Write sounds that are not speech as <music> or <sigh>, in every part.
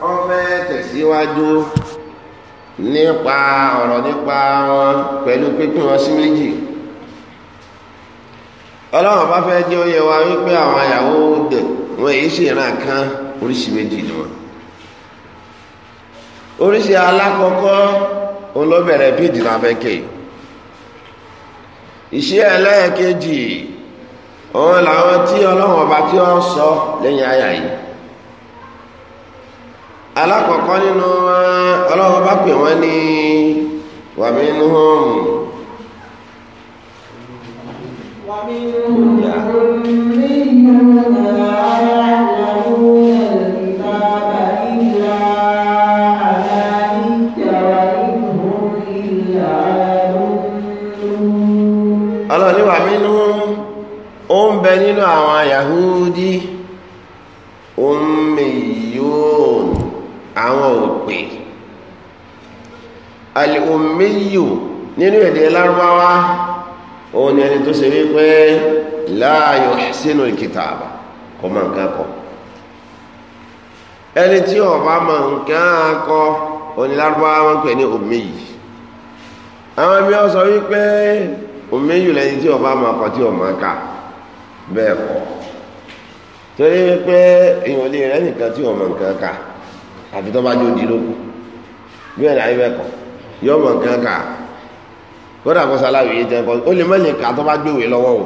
wọ́n fẹ́ tẹ̀síwájú nípa ọ̀rọ̀ nípa wọn pẹ̀lú pínpín wọn sí méjì ọlọ́run bá fẹ́ jẹ́ oyè wa wípé àwọn àyàwó dẹ̀ wọ́n èyí sì ràn kan oríṣi méjì ni wọn oríṣi alákọ̀ọ́kọ́ olóbẹ̀rẹ̀ bíìdì náà fẹ́ kè ìṣe ẹlẹ́ẹ̀kejì òun làwọn tí ọlọ́run ọba tí ó sọ lẹ́yìn àyà yìí alákọ̀ọ́kọ́ nínú eh, ọlọ́run bá pè wọ́n ní wàmínúhùn ọlọ́run ní wàmínúhùn ó bẹ nínú àwọn Yahudi àwọn ò pè al-ummiyu nínú èdè lárúbáwá òun ni ẹni tó ṣe wípé la yuhsinu al-kitaba kò mọ nǹkan kọ ẹni tí ó bá mọ nǹkan kọ òun ni lárúbáwá wọn pè ní ummiyu àwọn ẹbí ọ sọ wípé ummiyu lẹni tí ó bá mọ tí ó mọ ká bẹ́ẹ̀ kọ́ torí wípé èèyàn lè nìkan tí ó mọ nǹkan ká àfi tó bá jó di lókù bí ẹ̀rọ ayé bẹ́ẹ̀ kọ́ yọ ọmọ nǹkan kà kódà kó sáláwì yé tẹ́kọ́ ó lè mẹ́lẹ̀ kà tó bá gbéwèé lọ́wọ́ o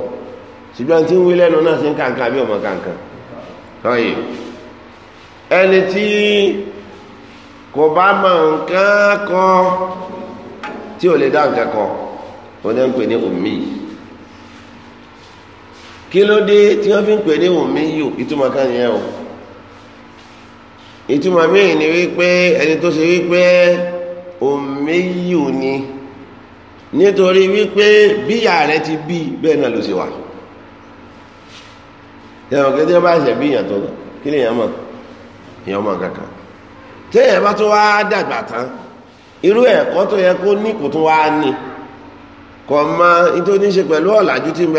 ṣùgbọ́n tí ń wí lẹ́nu náà sí ń kàǹkà bí ọmọ kàǹkà lọ́yẹ̀ ẹni tí kò bá mọ nǹkan kọ́ tí ò lè dá nǹkan kọ́ ó ní ń pè ní òmí kí ló dé tí wọ́n fi ń pè ní òmí yìí ìtumọ̀ kan nìyẹn o. ìtumọ̀ míì ni wípé ẹni tó ṣe wípé òmíyù ni nítorí wípé bíyà rẹ ti bí bẹ́ẹ̀ náà ló ṣe wà yàrá kí bá ṣe bíyà tó kí lè yàn mọ̀ èèyàn mọ̀ kankan téèyàn bá tó wá dàgbà tán irú ẹ̀kọ́ tó yẹ kó ní kò wá ní kò mọ nítorí ṣe pẹ̀lú ọ̀làjú tí ń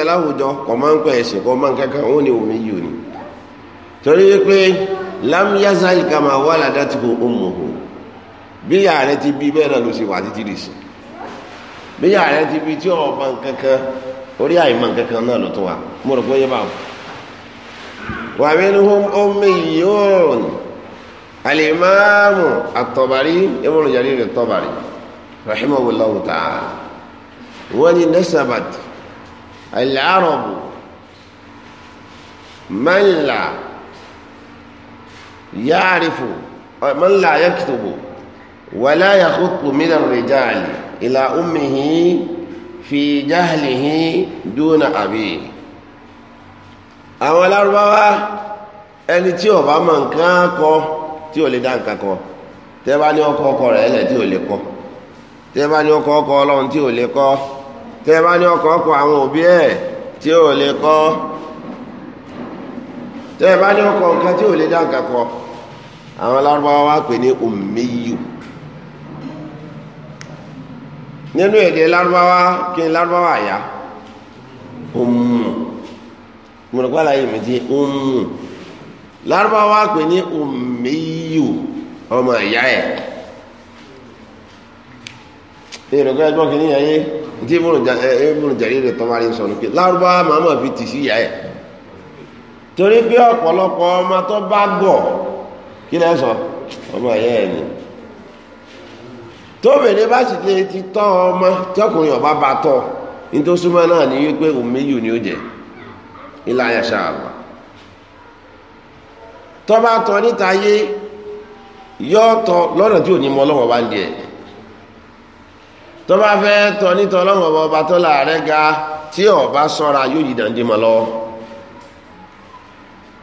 lam yazal kama waladatuhu ummuhu bí ìyá rẹ̀ ti bí bẹ́ẹ̀ náà ló ṣe wà títí di sí bí ìyá rẹ̀ ti bí tí ọba kankan orí àìmọ̀ kankan náà ló tún wà mo rò pé yẹ bá wò. wa minhum ummiyyun al-imamu at-Tabari Ibn Jarir at-Tabari rahimahullahu ta'ala wọ́n ní nasabat al-arabu يعرف من لا يكتب ولا يخط من الرجال إلى أمه في جهله دون أبيه àwọn alárúbáwá ẹni tí ó mọ nǹkan kọ tí ò lè dá nǹkan kọ tẹ́ bá ní ọkọ ọkọ rẹ̀ tí ò lè kọ bá ní ọkọ ọkọ tí ò lè kọ bá ní ọkọ kọ bá ní ọkọ nǹkan kọ. àwọn alárúbáwá wá pè ní ummiyu nínú èdè lárúbáwá kí ni lárúbáwá àyà ummu mọ̀rọ̀pá láyé mi ti ummu lárúbáwá pè ní ummiyu ọmọ ìyá ẹ̀ èrògbé ẹgbọ́n kìíní yẹn yé tí ìmúrùn jàrí rẹ̀ tọ́wárí ń sọ̀rọ̀ pé lárúbáwá màmá fi tì sí ìyá ẹ̀ torí pé ọ̀pọ̀lọpọ̀ ọmọ tó bá gọ̀ kí lẹ́ sọ ọmọ ẹ̀yẹ ẹ̀ ni tóbìnrin bá sì lè ti tọ́ ọmọ tí ọkùnrin ọba bá tọ́ ní náà ní wípé òmíyù ni ó jẹ ilá ayàṣà àgbà tọ́ba tọ́ níta yé yọ́ tọ́ lọ́nà tí ò ní mọ ọlọ́wọ́ bá ń di ẹ̀ tọ́ba fẹ́ tọ́ níta ọlọ́wọ́ ọba tó láàrẹ́ ga tí ọba sọ́ra yóò yí dàndínmọ́ lọ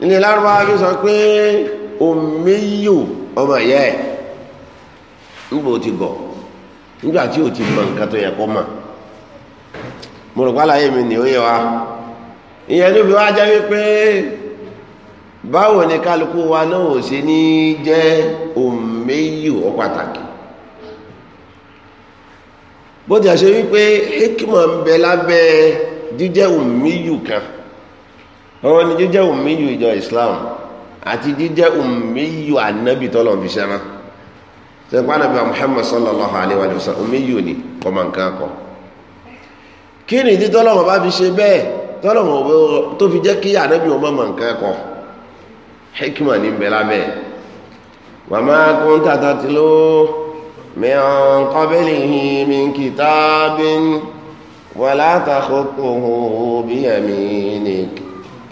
ilé lárúbáwá yóò sọ pé. omiyu ọmọ ìyá ẹ̀ nígbà ó ti gọ̀ nígbà tí ó ti mọ nǹkan tó yẹ kó mọ̀ mo rò ni ó wa ìyẹn ló ni kálukú wa ọ pàtàkì bó ti ṣe wípé ń bẹ lábẹ́ jíjẹ́ omiyu ni jíjẹ́ omiyu ìjọ Islam. àti jíjẹ́ ummiyu ànábì tọ́lọ̀ fi ṣẹ́ran sẹ́kọ́ ànábì Muhammad sallallahu alayhi wa sallam ummiyu ni kọ́mọ nǹkan kọ́ kí ni ìdí tọ́lọ̀ wọn bá fi ṣe bẹ́ẹ̀ tọ́lọ̀ wọn tó fi jẹ́ kí ànábì wọn mọ̀ nǹkan kọ́ hikima ní bẹ́ẹ̀ lábẹ́ wa ma kunta tatlu min qablihi min kitabin wala takhtuhu biyaminik.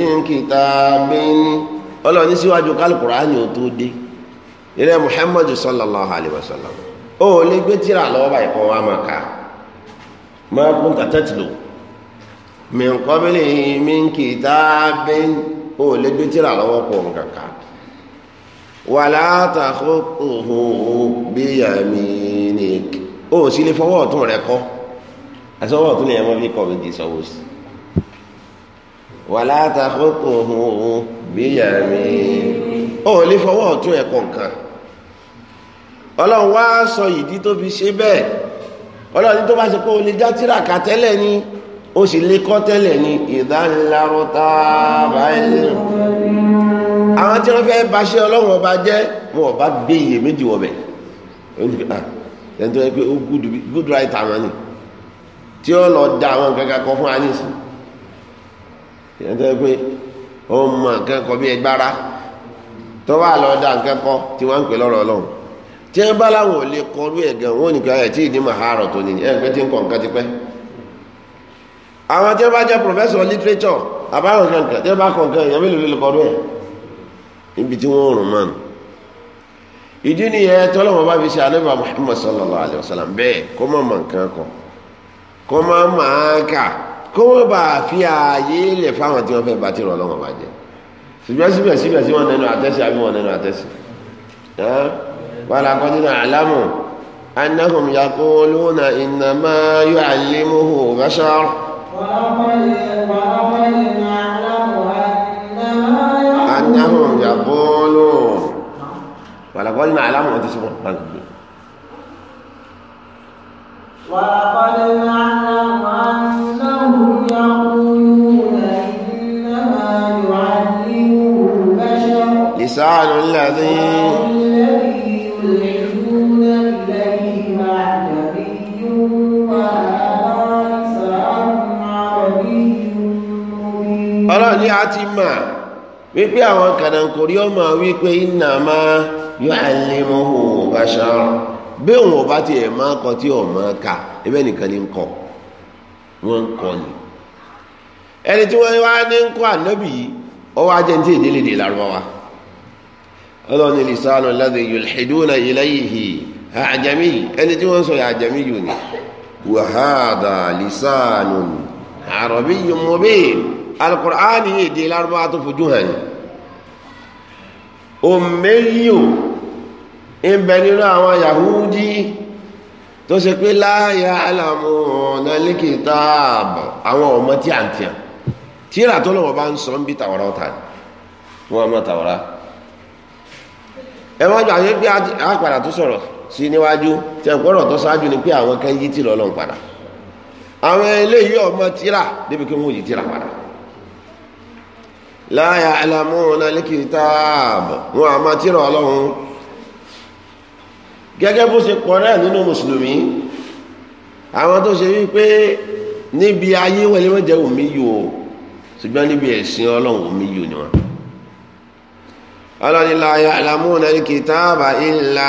min kitabin ọlọ́run ní síwájú kálukùránì ò tó dé ilẹ̀ muhammadu sallallahu alayhi wa sallam ó lè gbé tíra lọ́wọ́ báyìí kọ́ wa máa ka máa kún tàtẹ́tìlò lè biyaminik ó sì lè fọwọ́ ọ̀tún rẹ kọ́ àti ọwọ́ ọ̀tún lè yẹ mọ́ fi kọ́ mi kì wàlá àtàkókò ọ̀hún bíyà mi ó lè fọwọ́ ọ̀tún ẹ̀kọ́ nǹkan ọlọ́run wá sọ ìdí tó fi ṣe bẹ́ẹ̀ ọlọ́run tó bá ṣe pé o lè já tíraka tẹ́lẹ̀ ni ó sì lè kọ́ tẹ́lẹ̀ ni ìdánilárọ́ta báyìí àwọn tí wọ́n fẹ́ bá ṣe ọlọ́run ọba jẹ́ wọn ọba gbé iye méjì wọ̀bẹ̀ ah, ẹni tó yẹ pé ó gúdù ráìtà ni tí ó lọ da àwọn nǹkan kan fún anísìn ìyẹn pé ó mọ nǹkan kan bí ẹgbára tó wà lọ da nǹkan kan tí wọ́n ń pè lọ́rọ̀ ọlọ́run tí wọ́n bá láwọn ò lè kọrú ẹ̀ gan wọn ò ní kí ah, t'i ní ti pẹ àwọn tí wọ́n bá jẹ́ literature àbáwọn kankan tí wọ́n bá kọ̀ọ̀kan èèyàn mélòó lè níbi tí rùn ìdí nìyẹn bá fi ṣe sallallahu alayhi wa sallam bẹ́ẹ̀ kó má nǹkan kó wọ́n bá fi ààyè lẹ̀ fáwọn tí wọ́n fẹ́ bá ti rọ̀ lọ́wọ́ bá jẹ ṣùgbọ́n síbẹ̀síbẹ̀ sí wọn nẹnu àtẹ́sí àbí wọn nẹnu àtẹ́sí wàlá kọ́tínà àlámù annahum yaquluna innama yu'allimuhu bashar annahum yaquluna wàlá kọ́tínà àlámù ọtí sí wọn bá gbé ولقد نعلم أن لسان الذي يلحدون إليه أعجمي وهذا لسان عربي مبين ọlọ́run ní a ti mọ̀ wípé àwọn kàdànkórí ọmọ wípé iná máa yọ àlèmọ́ òun bá ṣáà bí òun ò bá tiẹ̀ máa kọ tí ò máa kà ẹbẹ́ nìkan ní ń wọ́n ń kọ́ ni ẹni tí wọ́n wá ní ń kọ́ ànábì yìí ọwọ́ ajẹ́ ní tí èdè lè dè lárúbáwá ọlọ́run ní lisanu alladhi yulhiduna àjẹmí ẹni tí wọ́n sọ yà àjẹmí yìí ni wa hadha lisanu arabiyyun mubin alukur'an yìí èdè lárúbáwá fojú hàn ni omeyo ń bẹ nínú àwọn yahudi tó ṣe pé láàyà alamu ọ̀nà lẹ́kìtà àwọn ọmọ tí à ń tìyàn tíra tó lọ́wọ́ bá ń sọ ń bí tàwọ́rọ́ ọ̀tà ni wọ́n mọ̀ tàwọ́rá ẹ wọ́n gbà wí pé àpàdà tó sọ̀rọ̀ sí níwájú tí ẹ̀kọ́rọ̀ tó ṣáájú ni pé àwọn kan yí tì lọ́lọ́ padà àwọn eléyìí ọmọ tíra débi kí wọ́n yí tíra padà láàyà alamu ọ̀nà lẹ́kìtà wọn àmọ́ gẹ́gẹ́ bó ṣe pọ̀ náà nínú mùsùlùmí àwọn tó ṣe wípé níbi ayé wọlé wọn jẹ́ omi yìí o ṣùgbọ́n níbi ẹ̀sìn ọlọ́run omi yìí ni wọn. ọlọ́ni la ya'lamuna al-kitaba illa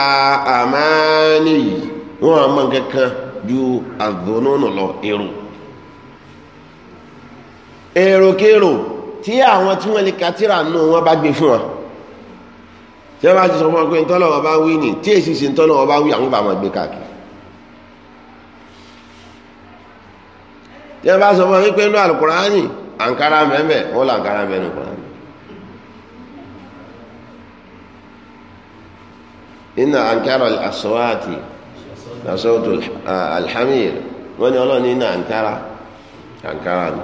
amani wọn a mọ kankan ju àdùnnú lọ èrò èròkèrò tí àwọn tí wọ́n lè ka tírà nù wọn bá gbé fún wọn tí wọ́n bá ti sọ fún ọ pé ntọ́lọ́wọ́ bá wí ni tí èsì ṣe ntọ́lọ́wọ́ bá wí àwọn bá máa gbé káàkiri tí wọ́n bá sọ fún ọ pé inú àlùkùránì àǹkárá mẹ́mẹ́ wọ́n lọ àǹkárá mẹ́nu kùránì. inna àǹkárá àsọwáàtì àsọwọ́tò alhamir wọ́n ní ọlọ́ọ̀ni iná àǹkárá àǹkárá mi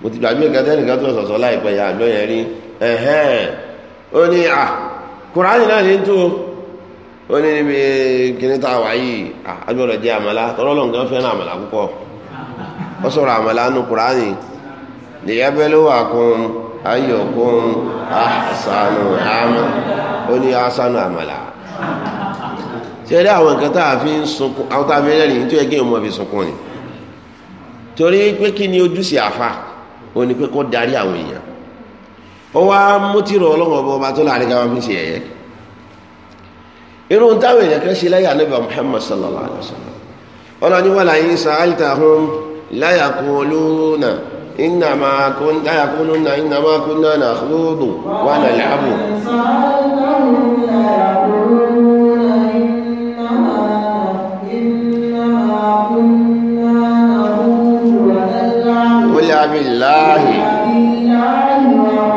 mo ti gbàgbé kẹtẹ́nìkan tó sọ̀sọ́ láìpẹ́ yà àgbọ̀yẹn rí ẹ̀hẹ́n. ó ah, ah, a à kùránì náà ní onye ó a wà yìí àgbọ̀dọ̀ jẹ́ àmàlà tọ́lọ́lọ́ nǹkan fẹ́ràn àmàlà púpọ̀ amala ó ní amala àmàlà ṣe rí àwọn a fi a fi rẹ́rìn tó fi ni torí pé kí ni àfa pé kó ó wá mú tìrọ ọlọ́run ọba ọba tó láàrin gáwọn fi ṣe ẹ̀yẹ irú táwọn èèyàn kan ṣe láyà níbà Muhammad sallallahu alaihi wa sallam ọlọ́ni wà láyé sàálítà hún láyà kúlúùnà ìnàmà kúlúùnà ìnàmà kúlúùnà nà lóòdù wà nà láàbù Wọ́n lè àbí láàáhì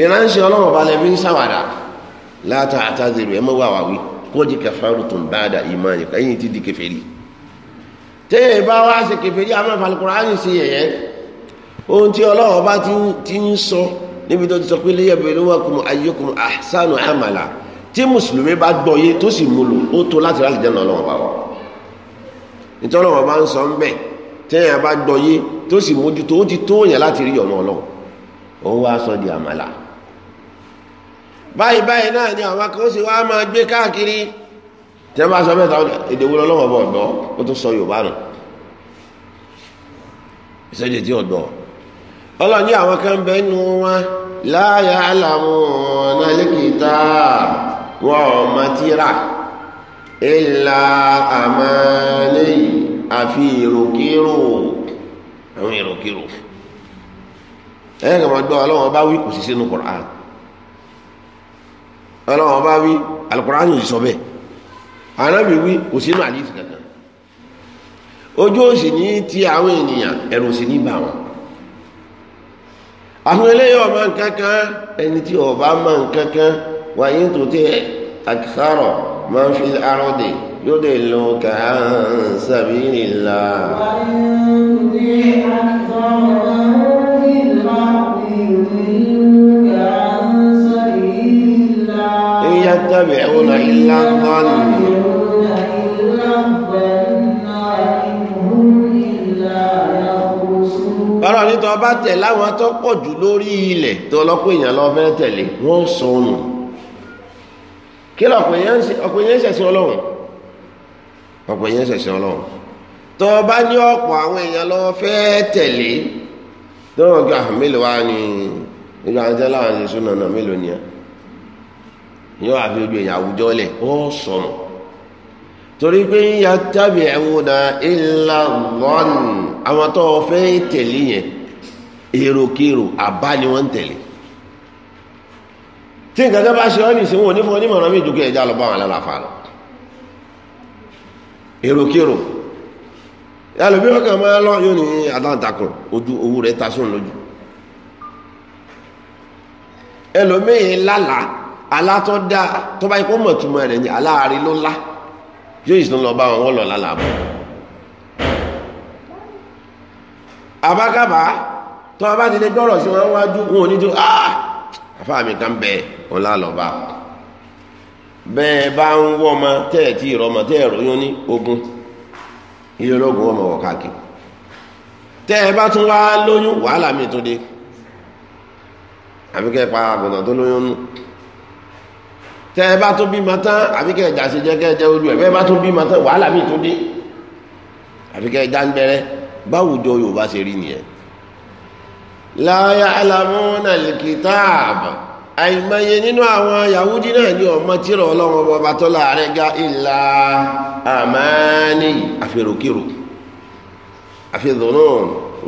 ìránṣẹ́ ọlọ́run ọba lẹ́bí ń ṣàwàdà látà àtàzèrè ẹ mọ́wọ́ àwàwí kọ́jì kẹfàrú tó ń bá dà ìmọ̀ ti di tẹ́yẹ̀ bá wá sí yẹ̀yẹ́ ohun tí ọlọ́run ọba ti ń sọ níbi tó ti sọ pé léyẹ̀bẹ̀ ló wà kùmù ayyukum ahsanu amala tí mùsùlùmí bá gbọ́ yé tó sì mú lò ó tó láti láti ọlọ́run ọba òun wá sọ báyìí báyìí náà ni àwọn kan ó sì wá máa gbé káàkiri tí wọ́n bá sọ mẹ́ta èdè wo lọ́wọ́ bọ̀ ọ̀dọ́ ó tún sọ Yorùbá nù ìsọjì tí ọ̀dọ́ ọlọ́ni àwọn kan bẹ́ẹ̀ nu wọn láàyà alamuna alkitab wọn ò mọ tíra ìlà àmàlẹ́ àfi ìròkérò àwọn ìròkérò ẹ̀yìn kan máa gbọ́ ọlọ́wọ́n bá wí kò sí sínú Qur'an ọlọ́wọ́n bá wí alukuraani ò sì sọ bẹ́ẹ̀ anábì wí kò sínú àdìsí kankan ojú òsì ní ti àwọn ènìyàn ẹ̀rù sì ní bà wọn àwọn eléyìí ọmọ nkankan ẹni tí ọba mọ nkankan wàyí tó tẹ àkìsàrọ máa ń fi arọ dè yóò dé lọ kà á sabilillah. wàyí tó tẹ àkìsàrọ máa ń fi arọ dè yóò dé lọ kà á sabilillah. يتبعون إلا الظن ọ̀rọ̀ ní tó bá tẹ̀ láwọn tó pọ̀ jù lórí ilẹ̀ tó lọ́pọ̀ èèyàn lọ fẹ́ tẹ̀lé wọ́n sọnù kí lọ ọ̀pọ̀ èèyàn ṣẹ̀sìn ọlọ́run ọ̀pọ̀ èèyàn ṣẹ̀sìn ọlọ́run tó bá ní ọ̀pọ̀ àwọn èèyàn lọ fẹ́ tẹ̀lé tó yóò àfi ojú èèyàn àwùjọ lẹ̀ ó sọnù torí pé yíya tábì ẹ̀wọ̀nà ìlà wọn àwọn tó fẹ́ tẹ̀lé yẹn èròkèrò àbá ni wọ́n ń tẹ̀lé tí nǹkan tó bá ṣe ọ́ nìsín wọn onífọ̀ onímọ̀ràn mi ìdúkẹ́ ẹja lọ bá wọn lálàáfà lọ èròkèrò yálòbí wọn máa lọ yóò ní adáǹtakùn ojú owó rẹ̀ tasùn lójú ẹlòmíín lálàá alátọ́dá tó bá ikọ́ mọ̀túnmọ̀ rẹ̀ ní aláàrí ló lá yóò sì tún lọ bá wọn wọ́n lọ lálàbọ̀ abákàbá tó bá ti lè gbọ́rọ̀ sí wọn wájú wọn ò ní tó ah àfáà mi kan bẹ̀ wọn lálọ́ba bẹ́ẹ̀ bá ń wọ́ ọmọ tẹ́ẹ̀tì ìrọmọ tẹ́ẹ̀rọyún ní ogun ilé ológun ọmọ wọ̀ káàkiri tẹ́ẹ̀ bá tún wá lóyún wàhálà mi tún dé àbíkẹ́ pa àgùntàn tó lóyún nù tẹ ẹ bá tó bímọ tán àbí kẹ ẹja ṣe jẹ kẹ ẹjẹ ojú ẹ bẹ ẹ bá tó bímọ tán wàhálà mi tó dé àbí kẹ ẹja ń bẹ̀rẹ̀ báwùjọ Yorùbá ṣe rí nìyẹn. la ya'lamuna al àìmọye nínú àwọn Yahudi náà ní ọmọ tírà Ọlọ́run ọba tó láàrẹ ga ìlà àmánì àfẹrùkìrù àfẹdùnú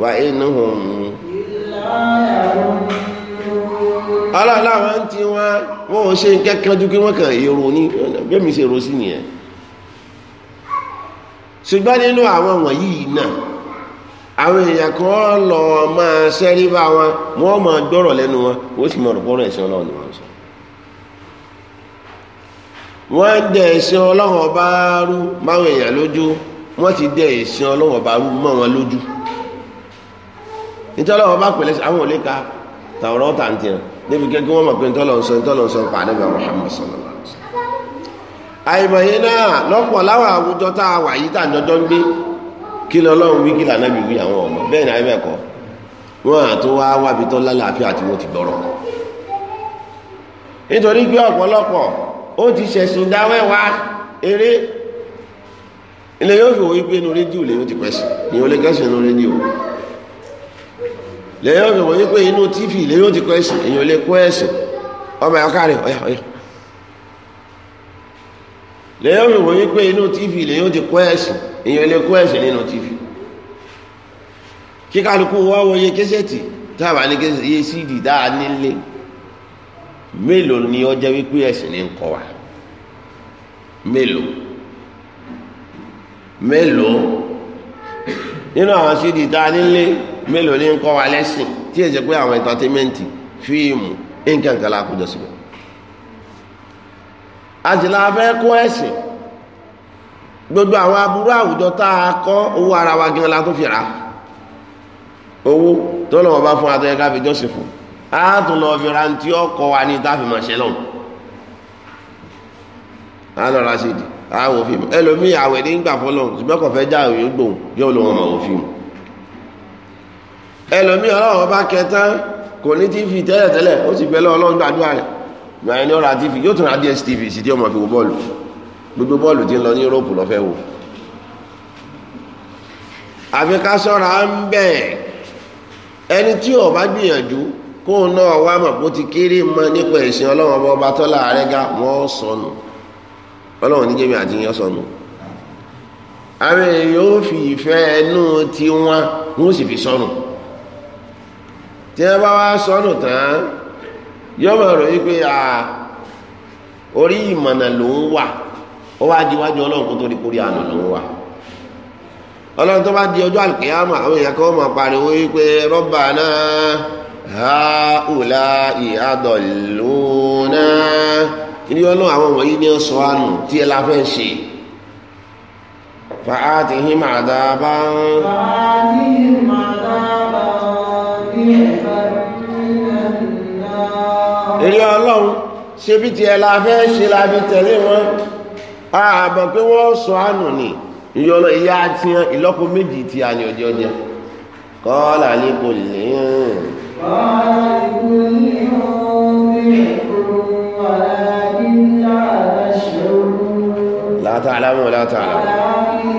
wa inhum. ìlà àwọn aláàláwọ̀ ń ti wọn wọn ò ṣe kẹ́kẹ́ ju kí wọ́n kàn èrò ní bẹ́mi ṣe èrò sí nìyẹn ṣùgbọ́n nínú àwọn wọ̀nyí náà àwọn èèyàn kan lọ máa ṣẹ́rí bá wọn wọ́n máa gbọ́rọ̀ lẹ́nu wọn ó sì mọ̀ rọ̀pọ̀rọ̀ ẹ̀sìn ọlọ́run ni wọ́n sọ wọ́n dẹ̀ ẹ̀sìn ọlọ́run ọba rú máwọn èèyàn lójú wọ́n ti dẹ̀ ẹ̀sìn ọlọ́run ọba rú mọ́ wọn lójú nítorí ọlọ́run ọba pẹ̀lẹ́sì àwọn ò tàwọn ọ̀rọ̀ tàǹtì hàn débi gẹ́gẹ́ wọ́n mọ̀ pé ntọ́lọ̀nsọ ntọ́lọ̀nsọ pàdé bá Muhammad sallallahu alaihi wasallam náà lọ́pọ̀ láwọn àwùjọ a wà yìí tá àjọjọ́ ń gbé kí lọ lọ́run wí kí lànà bí wí àwọn ọmọ bẹ́ẹ̀ ni àìmọ̀ ẹ̀kọ́ wọn àti wá wábi tó fi wo ti ni lẹ́yìn ọ̀sẹ̀ wọ́n yí pé inú tífì lẹ́yìn ó ti kọ́ ẹ̀sìn èyàn lè kọ́ ẹ̀sìn ọmọ ẹ̀ka rẹ̀ ọ̀yà ọ̀yà lẹ́yìn ọ̀sẹ̀ wọ́n yí pé inú tífì lẹ́yìn ó ti kọ́ ẹ̀sìn èyàn lè kọ́ ni ó jẹ́ wípé wa mélòó mélòó nínú àwọn sídìí tá a nílé mélòó ní kọ́ wa lẹ́sìn tí èsì pé àwọn ẹ̀ńtátẹ́mẹ́ǹtì fíìmù nǹkan kan síbẹ̀ àtìlá fẹ́ kó ẹ̀sìn gbogbo àwọn aburú àwùjọ tá a kọ́ owó ara wa gan la tó fi owó tó lọ́wọ́ bá fún atọ́yẹ a tún lọ fi àwọn òfin ẹlòmíì àwẹ̀ ní gbà ṣùgbọ́n kò fẹ́ já òyìn gbòun yóò lọ wọn òfin ẹlòmíì ọlọ́run bá kẹtàn kò ní fi tẹ́lẹ̀ tẹ́lẹ̀ ó sì gbàdúrà rẹ̀ tv yóò tún ra dstv sí tí ọmọ fi wo bọ́ọ̀lù gbogbo bọ́ọ̀lù ń lọ ní yúróòpù lọ́fẹ́ ẹni tí ò bá gbìyànjú kóun náà wá mọ̀ mọ nípa ìsìn ọlọ́run ọba tọ́lá wọ́n ọlọ́run ní jẹ́mi àti yẹn sọnù àwọn fi ìfẹ́ ẹnu ti wọ́n wọ́n sì fi sọnù tí wọ́n bá wá sọnù tán yọ́ mọ̀ rọ̀ wípé orí ìmọ̀nà ló ń wà ó wá di ọlọ́run tó di kórí àná ló ń wà ọlọ́run tó bá di ọjọ́ àwọn èèyàn kan pariwo wípé rọ́bà náà ilé ọlọ́run àwọn wọ̀nyí ni ó sọ àánú tí ẹ la fẹ́ ṣe fàáàtì hí máa dá bá ń ilé ọlọ́run ṣe bí ti ẹ la fẹ́ ṣe lábí tẹ̀lé wọn ààbọ̀ pé wọ́n sọ àánú ni ilé ọlọ́run ìyá àti ìlọ́po méjì ti àyàn ọjọ́ jẹ kọ́ọ̀lá ní kò lè ń àtàlámù látàlámù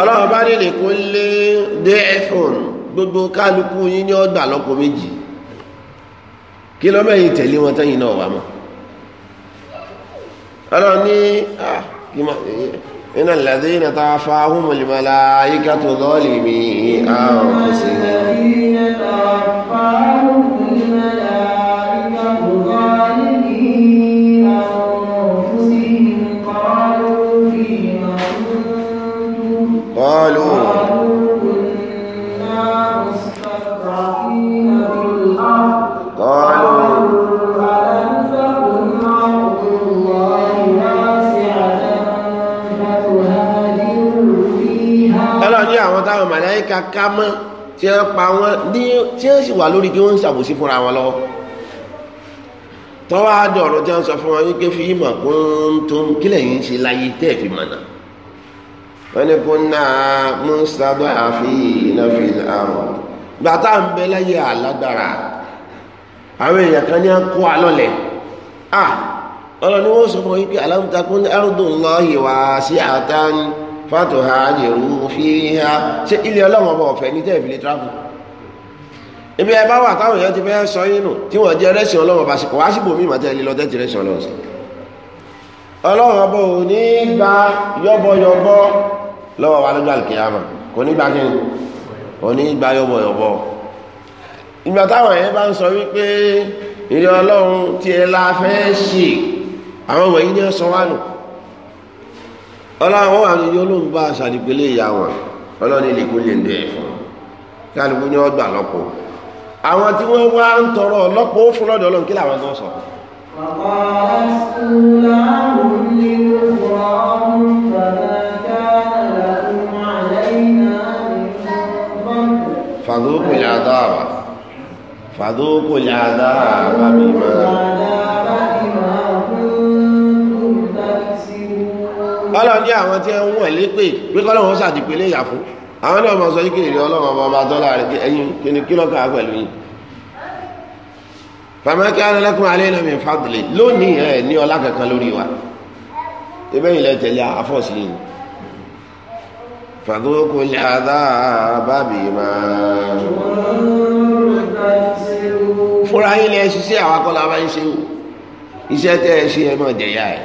ọlọ́run bá nílè kó lé dé ẹ̀fọ́n gbogbo kálukú yín ní ọgbà lọ́pọ̀ méjì kí lọ́mọ yìí tẹ̀lé wọn tẹ́yìn náà wà mọ́ ọlọ́run ní ah, iná lẹ́dí kàkà mọ́ tí wọ́n pa wọ́n ní tí wọ́n sì wà lórí pé wọ́n ń ṣàbòsí fúnra wọn lọ́wọ́ tọ́wọ́ àdó ọ̀rọ̀ tí wọ́n sọ fún wọn wípé fi ìmọ̀ kún tó ń kílẹ̀ yìí ń ṣe láyé tẹ́ẹ̀ fi mọ̀nà wọ́n ní kó ná mùsàlùmí àfihàn fìlà àrùn gbàtà ń bẹ láyé àlágbára àwọn èèyàn kan ní kó alọ́lẹ̀ à ọ̀rọ̀ ni wọ́n sọ fún wọn wípé alámùtakùn ní àrùndùn lọ́ọ̀yì wá sí àtàn fàtò àjèrú fi ha ṣe ilé ọlọ́run ọba ọ̀fẹ́ ní tẹ́ẹ̀fì lè travel ibi ẹ bá wà táwọn èèyàn ti fẹ́ sọ yín nù tí wọ́n jẹ́ rẹ́sìn ọlọ́run ọba ṣùkọ́ wá síbò mímọ́ tẹ́lẹ̀ lọ tẹ́tì rẹ́sìn ọlọ́run sí ọlọ́run ọba ò ní gba yọ́bọ̀yọ́bọ̀ lọ́wọ́ wa lọ́jọ́ àlùkìyàmà kò ní gba kí ni kò ní gba yọ́bọ̀yọ́bọ̀ ìgbà táwọn èèyàn bá ń sọ wípé ìrẹ́ ọlọ́run tiẹ̀ la fẹ́ ṣe àwọn wọ̀nyí ni wọ́n sọ wá nù ọlọ́run wà ní yóò lóun bá aṣàdìpélé ìyá wọn ọlọ́run ilé kó lè ń dé lọ́pọ̀ àwọn tí wọ́n wá ń tọrọ lọ́pọ̀ ó fún lọ́dọ̀ ọlọ́run kí làwọn gan sọ. fàdókòlì fàdókòlì ọlọ́run ní àwọn tí wọ́n wọ̀n lépè pé kọ́lọ́run ṣàdìpé lè yà fún àwọn náà máa sọ yí kéèrè ọlọ́run ọba ọba tọ́lá rẹ̀ ẹ̀yìn kíni kí lọ́kà pẹ̀lú yìí fàmẹ́kẹ́ alẹ́lẹ́kùn alẹ́ náà mi fàdùlẹ̀ lónìí ẹ̀ ní ọlá kankan lórí wa ibẹ̀ yìí lẹ tẹ̀lé afọ́sí yìí fàdókò lè àdá bábì máa fúra yìí ṣiṣẹ́ àwọn akọ́lá bá ṣe iṣẹ́ tẹ́ ẹ ṣe ẹ náà jẹ̀yà ẹ̀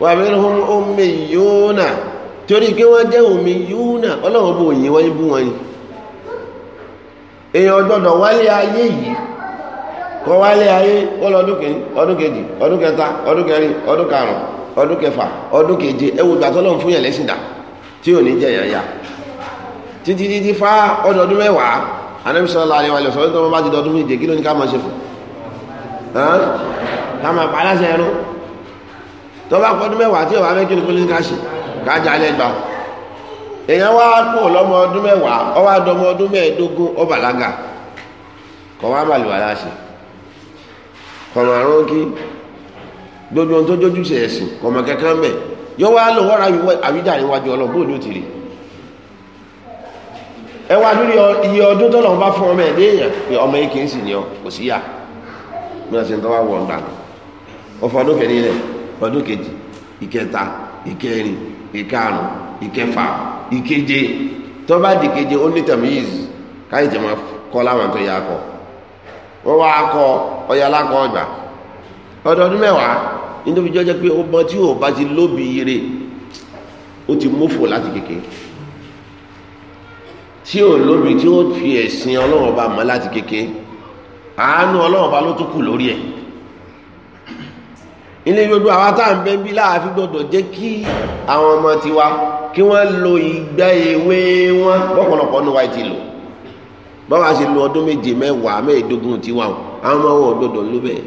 wà minhum ome torí pé wọ́n jẹ́ ummiyuna ọlọ́run bò yí wọ́n bú wọn yìí èèyàn gbọ́dọ̀ wálé ayé yìí kọ wálé ayé kọ́ lọ ọdún kìíní ọdún kejì ọdún kẹta ọdún kẹrin ọdún karùn-ún ọdún kẹfà ọdún keje ẹwù gbàtọ́lọ́run fún yẹn lẹ́sìn dà tí ò ní jẹ yàn yà títí títí fá tó bá pọ́dún mẹ́wàá tí ọba mẹ́kí lókun ní káṣì kájà lẹ́gbàá èèyàn wá kú lọ́mọ ọdún mẹ́wàá ọwọ́ àdọ́mọ ọdún mẹ́ẹ̀ẹ́dógún ó bàlágà kọ̀ wá láṣẹ àrùn kí gbogbo ohun tó jójú ṣe ẹ̀sìn ọmọ ẹ̀ léèyàn pé ọmọ yìí ọ kò síyà ń tọ́wọ́ wọ̀ ọdún kejì ìkẹta ìkẹrin ìkarùn ìkẹfà ìkeje tó bá di keje ó ní tamiz káyì tẹ̀ máa kọ láwọn tó yà wọ́n wá kọ́ ọ̀yà ọgbà ọdọọdún mẹ́wàá nítorí jọjọ pé ọmọ tí ò bá ti lóbi ire ó ti mófò láti kékeré tí ò lóbi tí ó fi ọba láti àánú ọba ló tún kù lórí ilé gbogbo àwọn tá à ń bẹ bí láàfin gbọ́dọ̀ jẹ́ kí àwọn ọmọ tiwa kí wọ́n lo ìgbà èwe wọn bọ́pọ̀lọpọ̀ ní wáyé ti lò báwa ṣe lo ọdún méje mẹ́wàá mẹ́ẹ̀ẹ́dógún tiwa àwọn ọmọ wọn gbọ́dọ̀ ló bẹ́ẹ̀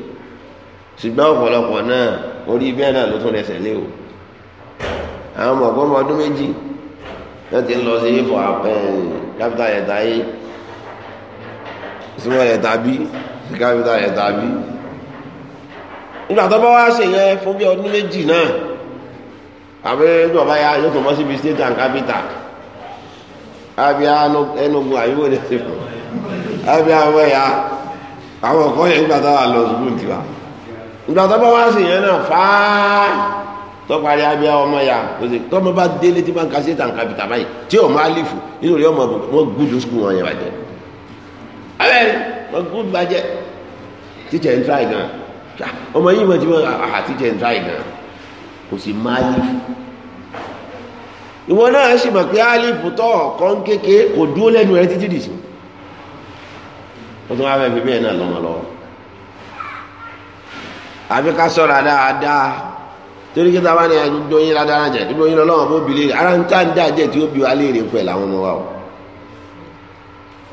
ṣùgbọ́n ọ̀pọ̀lọpọ̀ náà orí bẹ́ẹ̀ náà ló tún rẹsẹ̀ lé o àwọn ọmọ ọgbọ́n ọdún méjì wọ́n ti ń lọ sí ifọ̀ kápítà yẹ̀ta yé súnmọ́ yẹ̀ta bí kápítà yẹ̀ta bí. nígbà tó bá wá ṣe yẹn fún bí ọdún méjì náà àbí ya yóò tó bọ́ síbi state and capital àbí Enugu àyíwò lè ṣe fún àbí àwọn ya àwọn ọ̀kọ́ yẹn nígbà tó wà lọ sùkúl tiwa nígbà tó bá wá ṣe yẹn náà fáá ọmọ ya tọ́mọ bá délé tí banka state and capital báyìí tí ò máa lífù nínú rí ọmọ gúdù wọn yẹn bàjẹ́ gúdù bàjẹ́ ń gan ọmọ yìí mọ̀ tí wọ́n àti jẹ́ ǹtra ìgbà kò sì má alifu ìwọ náà sì mọ̀ pé alifu tọ́ ọ̀kan kéke kò dúró lẹ́nu rẹ títí dìsí ó tún wá fẹ́ fi bẹ́ẹ̀ náà lọ́mọ lọ́wọ́ àbí ká sọ̀rọ̀ dáadáa torí kí táwa ni àjọ yín ládàá jẹ ìbò yín lọ́wọ́ bó bilé ara ń tá ń dá jẹ tí ó bi wá léèrè pẹ̀ làwọn ọmọ wa o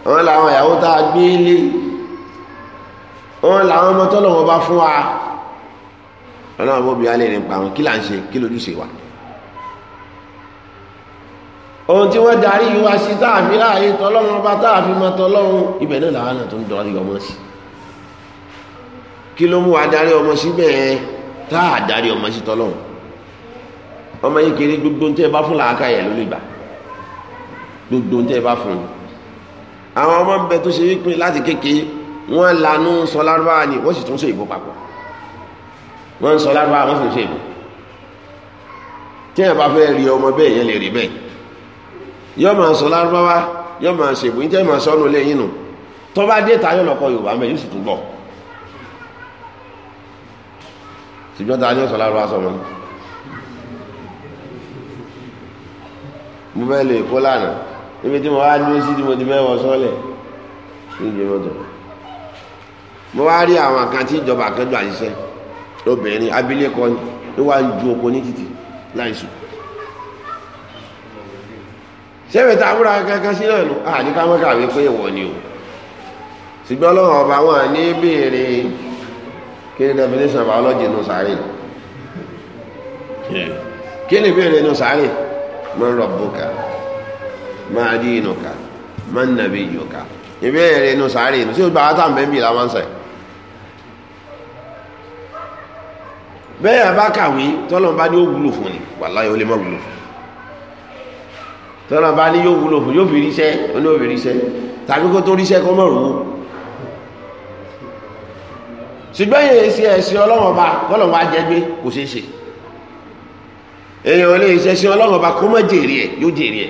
àwọn làwọn ìyàwó tá a gbé lé wọn làwọn ọmọ tọ́lọ̀ wọn bá fún wa ọlọ́run bó bi alẹ́ nípa wọn kí là ń ṣe kí lójúṣe wa ohun tí wọ́n darí wa sí táàfi láàyè tọ́lọ́run ọba táàfi mọ tọ́lọ́run ibẹ̀ náà làwọn náà tó ń darí ọmọ sí kí ló mú wa darí ọmọ síbẹ̀ táà darí ọmọ sí tọ́lọ́run ọmọ yìí kiri gbogbo ntẹ bá fún làákà yẹ lórí ìgbà gbogbo ntẹ bá fún un àwọn ọmọ ń bẹ tó ṣe wípé láti kékeré wọ́n lanú sọ ni wọ́n sì tún sọ ìbò papọ̀ wọ́n ń sọ lárúbáwá wọ́n sì ń sọ ìbò tí ẹ̀ bá fẹ́ rí ọmọ bẹ́ẹ̀ yẹn lè rí bẹ́ẹ̀ yọ́ máa sọ lárúbáwá yọ́ máa sọ ìbò yín tẹ́ máa sọ ọ́nù lẹ́yìn nù tó bá dé tayọ̀ lọ́kọ̀ Yorùbá mẹ́ yóò sì tún bọ̀ ṣùgbọ́n ta ni ó sọ lárúbáwá sọ mọ́ mo fẹ́ lè kó lánàá ibi tí mo wá ní ó sí tí mo ti mẹ́wọ̀ sọ́lẹ̀ ní ìgbìmọ̀ tó mo wá rí àwọn kan tí ìjọba àkẹ́jọ àṣìṣe obìnrin abilékọ ni ló wá ju oko ní títì láìsùn sẹ́wẹ̀ tá múra kankan sí náà nù àní ká mọ́ pé ìwọ ni o ṣùgbọ́n ọlọ́run ọba wọn ní bèèrè kí biology nù sáré kí ni nù sáré ma ìbéèrè nù sáré nù sí bẹ́ẹ̀ bá kàwé tọ́lọ́n ní ó wúlò fún ni wàláyé ó lè mọ́ wúlò fún tọ́lọ́n ní yóò wúlò fún yóò fi ríṣẹ́ ise. òfin ríṣẹ́ tàbí kó tó ríṣẹ́ kọ́ mọ̀rún wò ṣùgbọ́n yìí ṣe ẹ̀sìn ọlọ́wọ́n kò ṣeé ṣe èèyàn lè ṣe ẹ̀sìn ọlọ́wọ́n kó mọ́ jèrè ẹ̀ yóò jèrè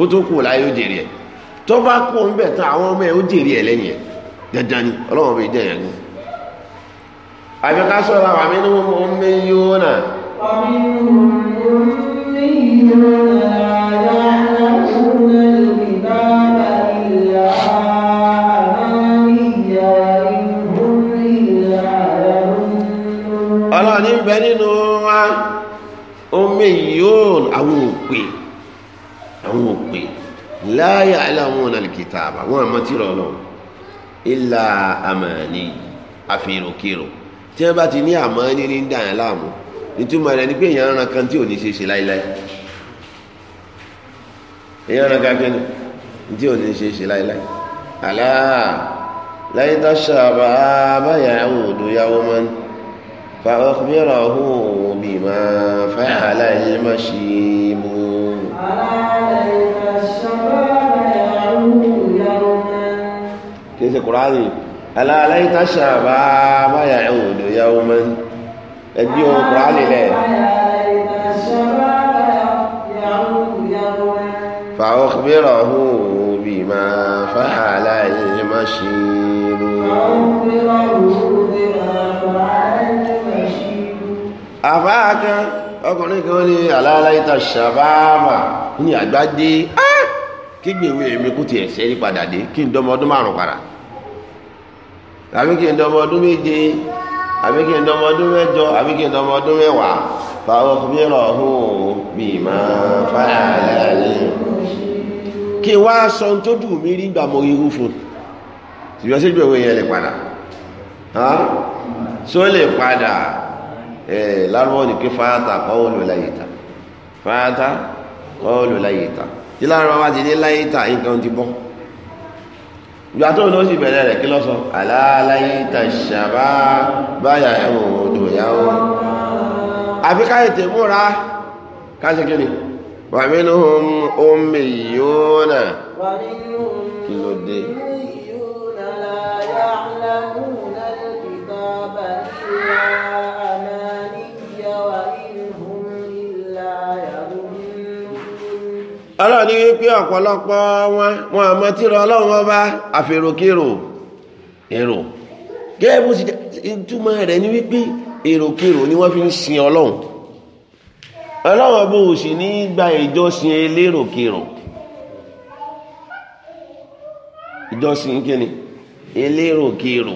ọmọ ẹ̀ ó jèrè ẹ̀ lẹ́yìn dandan ni àbí ká sọ̀rọ̀ àwọn àmì nínú omi yóò nà. ọlọ́ọ̀ni ń bẹ nínú wa omi yóò àwọn òpè àwọn òpè láyà aláwọn alìkìtà àwọn àmọ́ tí rọ̀ lọ ilà àmàlì àfihàn kírò tí wọ́n bá ti ní àmọ́ ní ní dàn án láàmú nítumọ̀ rẹ̀ ni pé èèyàn ń ran kan tí ò ní ṣe ṣe láéláé èèyàn ń ran kan kẹ́ni tí ò ní ṣe ṣe láéláé àlá láyé tó ṣàbà báyà àwọn odò yàwó máa ń fa ọkùnrin ọ̀hún bí máa fẹ́ àlàyé má ṣe mú. kí ni ṣe kúrò ألا ليت الشباب يعود يوما اليوم قرآن فأخبره بما فعل المشير àfáàkẹ́ ọkùnrin kan ní aláàláìta ṣàbáàmà ní àgbádé ah! kígbèwé èmi kú ti ẹ̀ṣẹ́ yí padà dé kí n dọ́mọ ọdún márùn-ún padà àbí kí n dọmọ ọdún méje àbí kí n dọmọ ọdún mẹ́jọ àbí kí n dọmọ ọdún mẹ́wàá fàwọn mìíràn ọhún bí máa fàyàlẹ àlẹ kí n wá sọ tó dùn mí rí gbà mọ irú fún ṣùgbọ́n sí ìgbèwé yẹn lè padà só lè padà lárúbọ̀ ní kí fáátà kọ́ ó lò láyé kọ́ ó lò láyé ta ti ní láyé nǹkan ti bọ́ ìgbà tó ní ó sì bẹ̀rẹ̀ rẹ̀ kí ló sọ aláàláyé tàṣàbá báyà ẹ̀wọ̀n odò ìyàwó àfi ètè múra ká wà nínú omi yóò náà kí ló dé. ọlọ́run ní wípé ọ̀pọ̀lọpọ̀ wọn wọn àmọ́ tí lọ ọlọ́run wọn bá àfèròkèrò èrò gẹ́gẹ́ bó ti túmọ̀ rẹ̀ ní wípé èròkèrò ni wọ́n fi ń sin ọlọ́run ọlọ́run bó sì ní gba ìjọsìn eléròkèrò ìjọsìn kíni eléròkèrò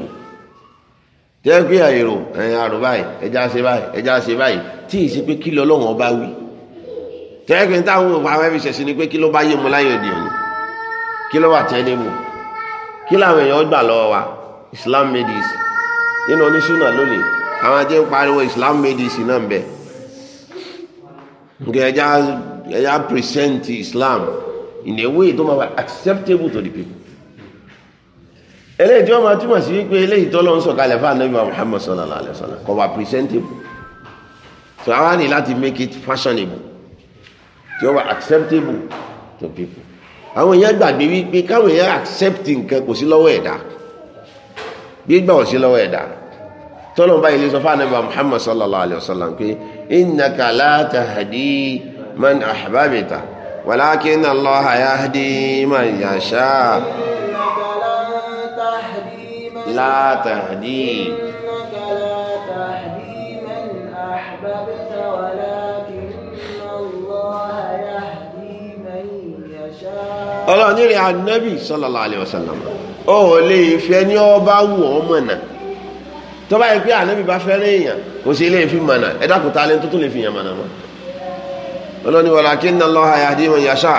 tẹ́ pé àìrò ẹ̀yìn àrò báyìí ẹja ṣe báyìí ẹja ṣe báyìí tí ì ṣe pé kí lọ́lọ́run ọba wí tẹ́gbẹ̀ẹ́ táwọn òfò àwọn ẹbí ṣẹ̀ṣin ni pé kí ló bá yé mu láyé òde òní kí ló wà tẹ́lẹ̀ mu kí làwọn èèyàn gbà lọ́wọ́ wa Islam made easy nínú oníṣúná lónìí àwọn ajé ń pariwo Islam Medis easy náà ń bẹ nǹkan ẹja ẹja present Islam in a way tó máa acceptable to the people eléyìí tí wọ́n máa túmọ̀ sí wípé eléyìí tó lọ́n sọ̀kalẹ̀ fún anabi Muhammad sallallahu alayhi wa sallam kò wà presentable so àwa ní láti make it fashionable tí ó acceptable to people àwọn èèyàn gbàgbé wípé káwọn èèyàn accept nǹkan kò sí lọ́wọ́ ẹ̀dá gbígbà ò sí lọ́wọ́ ẹ̀dá tọ́lọ́n báyìí lè sọ fún anábà Muhammad sallallahu alayhi wa sallam pé innaka la tahdi man ahbabta walakin Allah yahdi man yasha la tahdi. ọlọ́run ní rẹ̀ anábì sallallahu alaihi wasallam ó lè fẹ́ ní ọba wù ọ́ mọ̀nà tó bá yẹ pé anábì bá fẹ́ràn èèyàn kò sí ilé ìfi mọ̀nà ẹ dákun ta lẹ́nu tó tún lè fi yàn mọ̀nà mọ́ ọlọ́run ní walakinna Allaha yahdi man yasha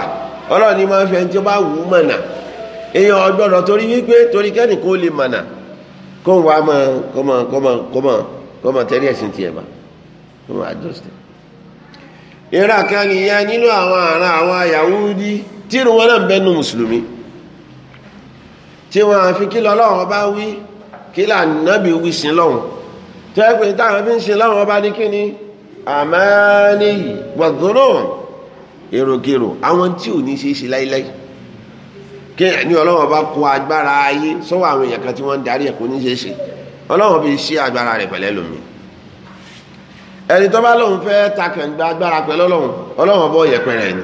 ọlọ́run ní máa ń fẹ́ ní tí ó bá wù ú mọ̀nà èèyàn ọgbọ́dọ̀ torí wípé torí kẹ́ni kó lè mọ̀nà kó ń wá kọ́mọ tẹ́lẹ̀ ẹ̀sìn tiẹ̀ bá kọ́mọ àjọṣe ìrà kan nìyẹn nínú àwọn àrà àwọn Yahudi tí irun wọn náà bẹnu mùsùlùmí tí wọn àfi kí lọ́lọ́run ọba wí kí lànàbí wí sí lọ́hùn tó ẹ pé táwọn fi ń ṣe lọ́hùn ọba ní kíni àmáni wàdúrò èròkèrò àwọn tí ò ní ṣe é ṣe láíláí kí ni ọlọ́run ọba kó agbára ayé sọ́wọ́ àwọn èèyàn kan tí wọ́n ń darí ẹ̀ kò ní ṣe é ṣe ọlọ́run fi ṣe agbára rẹ̀ pẹ̀lẹ́ lómi ẹni tó bá lóun fẹ́ takẹ̀ gba agbára pẹ̀lú ọlọ́run ọlọ́run ọba ọ̀yẹ̀pẹ̀rẹ̀ ni.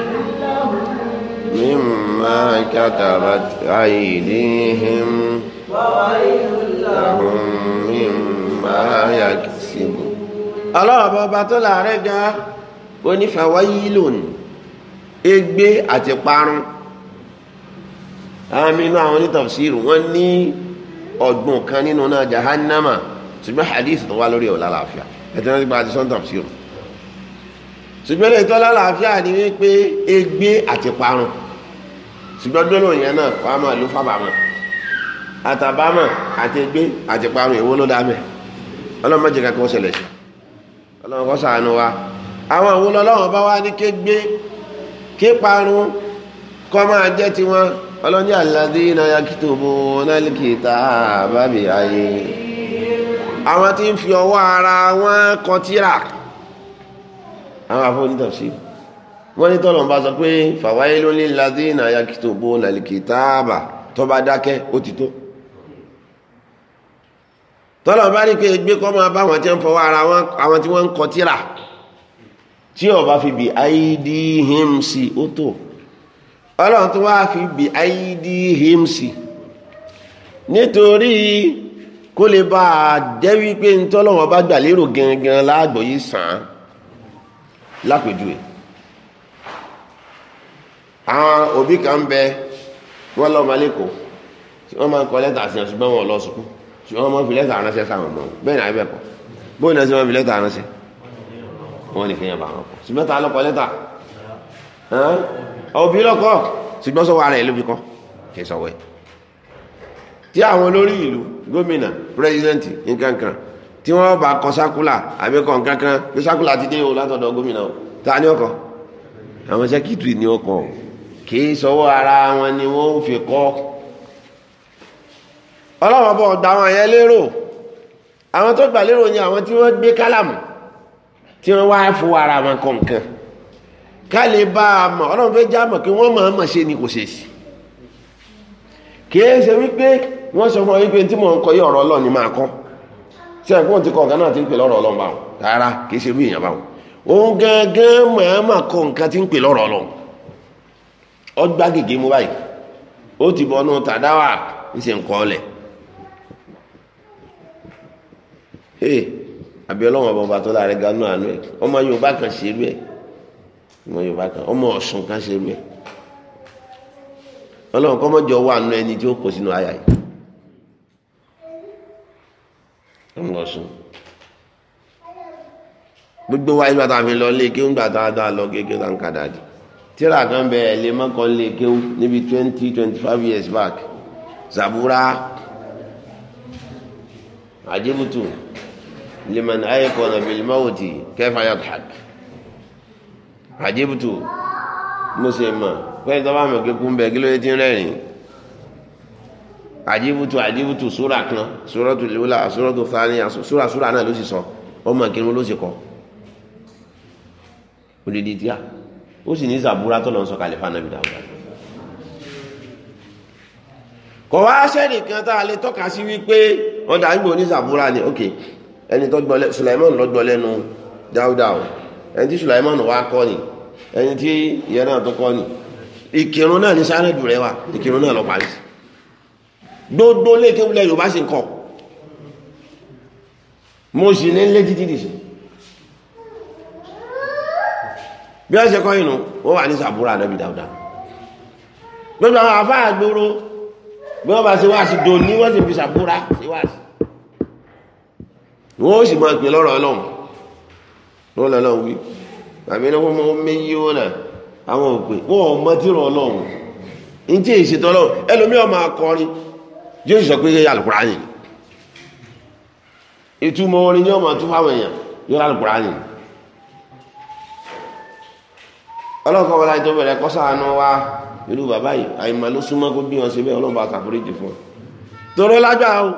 مما كتبت أيديهم وويل لهم مما يكسبون ọlọ́run bọba tó láàrẹ́ gan ó ní fàwáyílòn ègbé àti parun àmì inú àwọn onítafsírù wọ́n ní ọgbọ̀n kan nínú náà jahannama ṣùgbọ́n hadith tó wá lórí ọ̀la làáfíà ẹ̀tọ́ náà ti gba àti sọ́ńtafsírù ṣùgbọ́n ètò ọ̀la làáfíà ni wípé ègbé àti parun ṣùgbọ́n gbólóhùn yẹn náà wàá máa ló fábàámọ̀ àtàbámọ̀ àti gbé àti parun ìwó ló dábẹ̀ ọlọ́run mọ̀jẹ̀ kankan ṣẹlẹ̀ sí ọlọ́run kọ́ sàánú wa àwọn òun lọ́lọ́run bá wá ní ké gbé ké parun kọ́ máa jẹ́ tiwọn ọlọ́njẹ́ àládé iná yakitobo nálìkìtà bábí ayé àwọn tí ń fi ọwọ́ ara wọn kọtíra àwọn àfọwọ́nítọ̀sí wọ́n ní tọ́lọ̀ bá sọ pé fàwáyé ló ní ladina yakitubu nàlìkìtàbà tó bá dákẹ́ ó ti tó tọ́lọ̀ bá ní pé gbé kọ́ máa bá wọn tí ń fọwọ́ ara wọn àwọn tí wọ́n ń kọ tíra tí ọba fi bi aidihim ó tó ọlọ́run tó wá fi bi aidihim nítorí kó lè bá a jẹ́ wípé ń tọ́lọ́wọ́n bá gbà lérò gangan láàgbọ̀ sàn án lápèjúwe àwọn òbí kan ń bẹ wọ́n lọ ọmọ lẹ́kọ̀ọ́ wọ́n máa ń kọ lẹ́tà sí ṣùgbọ́n wọn lọ sùkú ṣùgbọ́n wọ́n máa ń fi lẹ́tà ránṣẹ́ sáwọn ọmọ bẹ́ẹ̀ ni àbẹ̀kọ̀ bóyá náà sí wọ́n fi lẹ́tà ránṣẹ́ wọ́n ní kéèyàn bá wọn kọ ṣùgbọ́n ta ló kọ lẹ́tà òbí lọ́kọ̀ ṣùgbọ́n sọ wà rẹ̀ ló fi kọ́ kì í sọ wẹ́ tí àwọn olórí ìlú gómìnà pírẹsidẹ́ǹtì nkankan tí wọ́n bá kọ sákúlà àbíkọ̀ nkankan pé sákúlà ti dé o látọ̀dọ̀ gómìnà o ta ni ọkọ̀ àwọn sẹ́kítì ni ọkọ̀ o kìí sọwọ́ ara wọn ni wọ́n fi kọ́ ọlọ́wọ́ bọ̀ ọ̀dá wọn lérò àwọn tó gbà lérò ni àwọn tí wọ́n gbé kálàmù tí wọ́n wá fún ara wọn kọ̀ọ̀kan ká lè bá a mọ̀ ọlọ́run fẹ́ já kí wọ́n mọ̀ mọ̀ ṣe ni kò ṣe sí ṣe wípé wọ́n sọ fún tí mò ń kọ ọ̀rọ̀ máa kọ́ ẹ̀kọ́ ti kọ̀ ọ gbá gègé mú báyìí ó ti bọ tàdáwà ń ṣe nǹkan ee àbí ọlọ́wọ́n ọba tó ganu àánú ọmọ Yorùbá kan ṣe ọmọ Yorùbá kan ọmọ Ọ̀ṣun kan ṣe irú ẹ̀ ọlọ́wọ́n kọ́ mọ́jọ wà nù gbogbo wa ìgbà tá a fi lọ lé kí ń gbà tá tíra kan bẹ ẹ lè mọ́kàn lè kéwú níbi twenty twenty five years back zabura ajibutu liman ayikọna bilimawoti kẹfà yadhak ajibutu mùsùlùmá pẹ́ẹ́n tó bá mọ̀ kékú ń bẹ kí ló yẹ ti ń rẹ́rìn ajibutu ajibutu sura kan sura tó lewula sura tó fani sura sura náà ló sì sọ ọmọ kí ló sì kọ odidi tíya ó sì ní zàbúrà tó lọ́n sọ kalẹ̀ fún anabi dàwúdà kò wá sẹ́ẹ̀dì kan tá lè tọ́ka sí wípé wọ́n dà nígbà oní zàbúrà ni ok ẹni tó gbọ́ lẹ́nu Sulaiman ló gbọ́ lẹ́nu dàwúdà ẹni tí Sulaiman wá kọ́ ni ẹni tí ìyẹn náà tó kọ́ ni ìkírun náà ní sáré dùrẹ́ wa ìkírun náà lọ parí gbogbo lẹ́kẹ́wulẹ̀ Yorùbá sì ń kọ́ mo sì ní lé títí dìsìn bí wọ́n ṣe kọ́ inú wọ́n wà ní sàbúrà ànábì dáadáa gbogbo àwọn àfáà gbòòrò bí wọ́n bá ṣe wáàsí dò ní wọ́n sì fi sàbúrà ṣe wáàsí wọ́n ó sì máa pè lọ́rọ̀ ọlọ́run ló lọ́lọ́ wí tàbí ní wọ́n mọ́ méjì ó nà àwọn òpè wọ́n ò mọ́ tí rọ̀ ọlọ́run ní tí èsì tọ́lọ́ ẹlòmí ọmọ akọrin yóò sọ pé alùpùránì ìtumọ̀ orin ni ọmọ tún fáwọn èèyàn yóò alùpùránì ọlọ́kọ̀ wọlá tó bẹ̀rẹ̀ kọ́ sàánú wa irú bàbá yìí àìmọ̀ ló súnmọ́ kó bí wọn ṣe bẹ́ẹ̀ ọlọ́ba àtàforíjì fún ọ torí lágbà o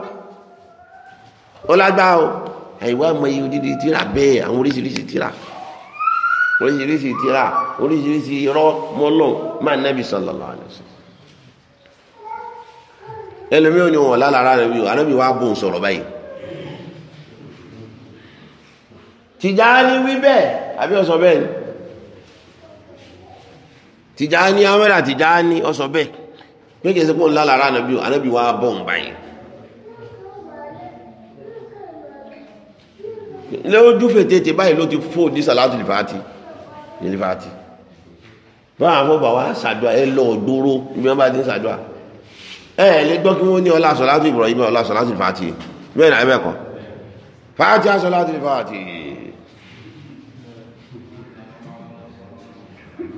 ó lágbà o àìwá ọmọ yìí odidi tíra bẹ́ẹ̀ àwọn oríṣiríṣi tíra oríṣiríṣi tíra oríṣiríṣi irọ́ mọ́lọ́ máa nẹ́bi sallallahu alaihi wasallam ẹlòmíràn ni wọn lára ara rẹ bí o anábì wa bò ń sọ̀rọ̀ báyìí Tìjàní wí bẹ́ẹ̀ àbí ọ̀sọ̀ bẹ́ẹ̀ ni. Tìjání amẹ́rà Tìjání ọsọ bẹ́ẹ̀ méjì ẹsẹ̀ pọ̀ ńlá lára ànábì ànábì wa bọ̀ ń báyìí. lójú fètètè báyìí ló ti fò ní sàlátù lìfàátì lìfàátì báwọn afọ́bà wa ṣàdúrà ẹ lọ gbóró ibi wọn bá ti ń ṣàdúrà ẹ ẹ lè gbọ́ kí wọ́n ní ọlá sàlátù Ibrahim ọlá sàlátù lìfàátì bẹ́ẹ̀ náà ẹ bẹ́ẹ̀ kọ́ fàátì sàlátù lìfàátì.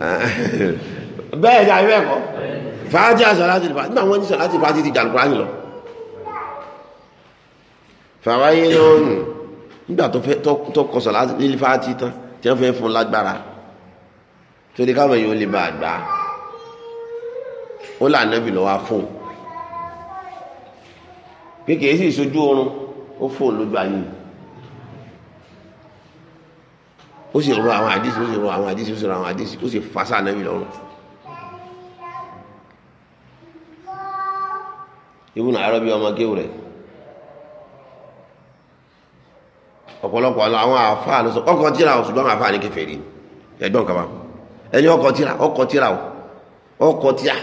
Eh, <laughs> bẹ́ẹ̀ ni àyè bẹ́ẹ̀ fàájì àṣàlájì fàájì nígbà wọ́n ní ṣàlájì fàájì ti jàǹkúrá nìlọ fàwáyé lọ́nù nígbà tó kọ ṣàlájì lílí tán tí wọ́n fẹ́ fún lágbára torí káwọn èèyàn lè bá a ó lànàbì lọ́wọ́ fún pé sì sojú oorun ó fóun lójú ayé yìí ó sì rọ àwọn àdísì ó sì rọ àwọn àdísì ó sì rọ àwọn àdísì ó sì fásá náà lọ́rùn ibùn àárọ̀ bí ọmọ géwù rẹ̀ ọ̀pọ̀lọpọ̀ àwọn àfáà ló sọ ọkọ̀ tíra ò ṣùgbọ́n àfáà ní kẹfẹ́ rí ẹ̀gbọ́n kaba ẹni ọkọ̀ tíra ọkọ̀ tíra ọkọ̀ tíra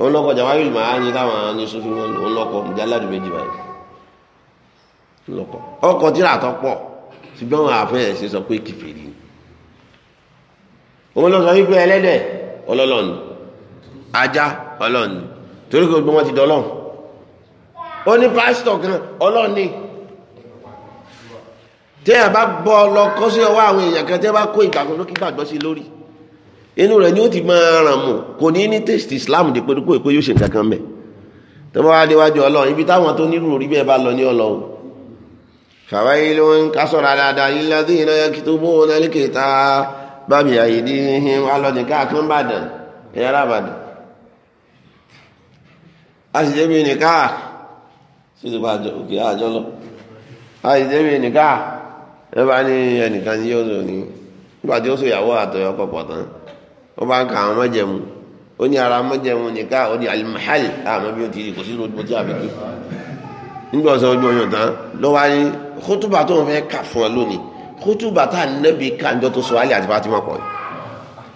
òun lọ́kọ̀ jàwáyìlì máa ní táwọn ní sófin wọn lọ́kọ̀ mùjáládùn méjì báyìí ọkọ̀ tíra tó pọ̀ ṣùgbọ́n àwọn àfẹ́ ẹ̀ ṣe sọ pé kìfèrí ni òun lọ sọ wípé ẹlẹ́dẹ̀ ọlọ́lọ́nu ajá ọlọ́nu torí kò gbọ́n wọn ti dọ́lọ́n ó ní pásítọ̀ kan ọlọ́ni téèyàn bá gbọ́ lọ kọ́ sí ọwọ́ àwọn èèyàn kan téèyàn bá kó ìgbàgbọ́ lókè gbàgbọ́ sí lórí inú rẹ̀ ni ó ti máa ràn mọ̀ kò ní ní tèsítì Islam dípò dípò èpè yóò ṣe nǹkan kan mẹ́ tọ́wọ́ adéwájú ọlọ́run ibi táwọn tó nírú orí bẹ́ẹ̀ bá lọ ní ọlọ́run فويل كسر على الذين يكتبون الكتاب بأيديهم alọ́dì káàkiri Ìbàdàn ìyára Ìbàdàn àṣìṣẹ́bí nìká sísùpá òkè àjọ nìká ẹ bá ní ẹnìkan ní ara mọ́jẹ̀mú nìká ó ní alimahali àmọ́ kótóbà tó wọn fẹ́ kà fún ọ lónìí kótóbà tá nẹ́bi kànjọ́ tó sọ alẹ́ àti fatima pọ̀ yìí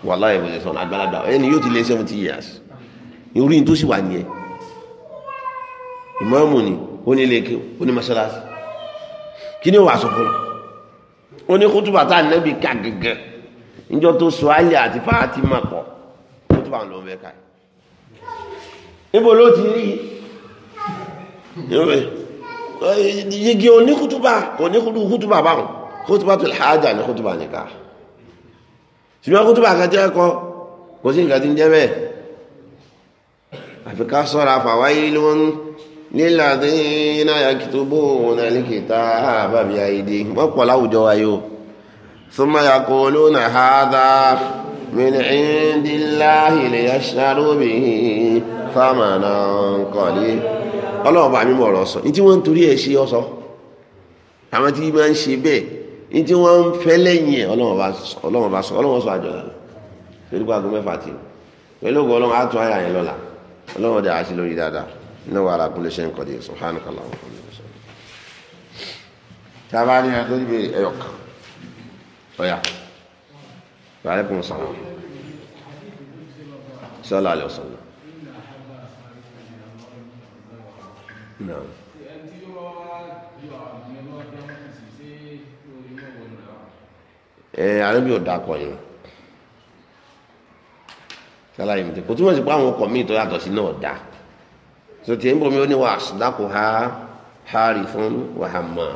wàláyé wòlé sọ̀rọ̀ àgbàlagbà ẹni yóò ti lé seventy years orí yìí tó sì wà nìyẹn ìmáàmù ni ó ní ilé kí ó ní mọ́ṣáláṣí kí ni ó wàá sọ fún ọ ó ní kótóbà tá nẹ́bi kà gẹ́gẹ́ níjọ́ tó sọ alẹ́ àti fatima pọ̀ kótóbà ń lọ mẹ́ka níbo ló ti rí i Eh, yigi òní kútúbà kò ní kútúbà báwọn kútúbà tó hájà ní kútúbà nìka ṣùgbọ́n kútúbà kan jẹ́ kọ kò sí nǹkan tí ń jẹ́ bẹ́ẹ̀ àfi ká sọ́ra fawailun lilladhina yaktubuna alkitaba bi aydihim wọ́n pọ̀ láwùjọ wa yóò thumma yaquluna hadha min indillahi liyashtaru bihi thamanan qalila ọlọ́run bá mímọ̀ ọ̀rọ̀ sọ ní tí wọ́n ń torí ẹ̀ ṣe ọsọ àwọn tí máa ń ṣe bẹ́ẹ̀ ní tí wọ́n ń fẹ́ lẹ́yìn ẹ̀ ọlọ́run bá sọ ọlọ́run sọ àjọ lọ́la torí pé aago mẹ́fà ti pẹ̀lú ògùn ọlọ́run á tún àyà yẹn lọ́la ọlọ́run dà á sí lórí dáadáa iná wà á kúnlẹ̀ ṣe ń kọ́dé subhanakallah tí a bá ní ẹjọ́ níbi ẹyọ kan ọ̀yà wàhálẹ́kùn sọ̀rọ̀ sọ́lá àlẹ́ ọ̀sán Naam. ẹni tí ó wá yọ àwọn ọmọ ọdún ọdún sì ṣe eh, lórí mọ́ wọn náà. ẹ àrùn bí ò dákọ̀ yẹn sálàyé mi tẹ kò túmọ̀ sí pé àwọn ọkọ̀ míì tó yàtọ̀ sí náà dá so tiẹ̀ ń bọ̀ mi ó ní wà á sùdákù ha hari fún wàhámàm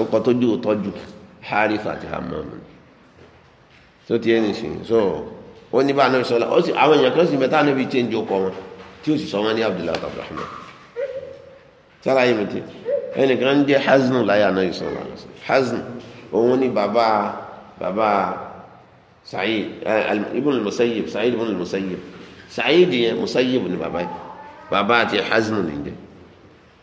ó kọ́ tójú ò tọ́jú hari fàtí hàmàm so tiẹ̀ nìsín so ó ní bá anábì sọlá ó sì àwọn èèyàn kan sì mẹ́ta anábì change ọkọ̀ wọn tí ó sì sọ wọn ní Abdullahi Abdulrahman sára yìí mìtì ẹnìkan ń jẹ́ haznu láyé anáyí sọ̀rọ̀ haznu òun ni bàbá bàbá sa'id eh, ibn al-musayyib sa'id ibn al-musayyib sa'id yẹn musayyib ni bàbá yìí bàbá àti haznu ni jẹ́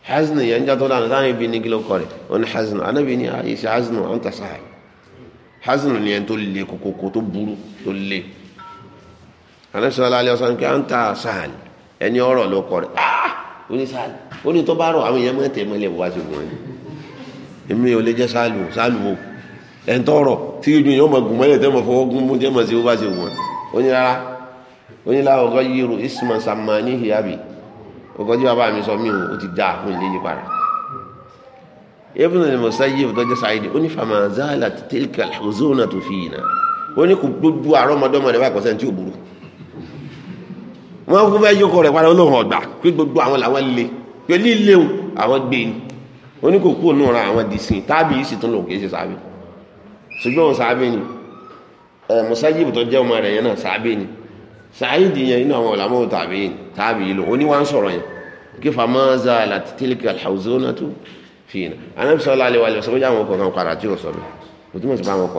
haznu yẹn ń jẹ́ tó dáná láàrin ibi ní kíló kọrẹ̀ òun haznu anábì ní ààyè sí haznu ọ̀n ta sáà haznu ni yẹn tó le kókókó tó burú tó le anábì sọ̀rọ̀ alẹ́ ọ̀sán kí ọ̀n ta sáà ẹni ọ̀rọ̀ ló kọrẹ̀ ah oní sáàlù oní tó bá rọ àwọn èèyàn máa tẹ̀ mọ́lẹ̀ wá sí wọn èmi ò lè jẹ́ sáàlù sáàlù o ẹn tọrọ tí ojú yìí ó máa gùn mọ́lẹ̀ tẹ́ mọ́ fọwọ́ gún mú tẹ́ mọ́ sí wá sí wọn oní rárá oní láwọn ọkọ yìí isma sàmà ní hiabi ọkọ tí bàbá mi sọ mí o ti dáa fún ilé yìí para ibùdó ni mo sáyé ibùdó jẹ́ sáyé oní famazala tilka alhuzuna tó fi yìí wọ́n kó fẹ́ yókò rẹ̀ padà olóhùn ọ̀gbà pé gbogbo àwọn làwọn le pé líle o àwọn gbé ni oníkòkó ònú ra àwọn dìsìn tábì yìí sì tún lò kìí ṣe sábẹ ṣùgbọ́n òun sábẹ ni musajibu tó jẹ́ ọmọ rẹ̀ yẹn náà sábẹ ni sàáyìdì yẹn inú àwọn ọ̀làmọ́ tàbí tábì yìí lò ó ní wá ń sọ̀rọ̀ yẹn kí famaza láti tílíkì alhàwùzọ́nà tó fi yìí anábì sọ́lá alẹ́ wa lè sọ́kọ́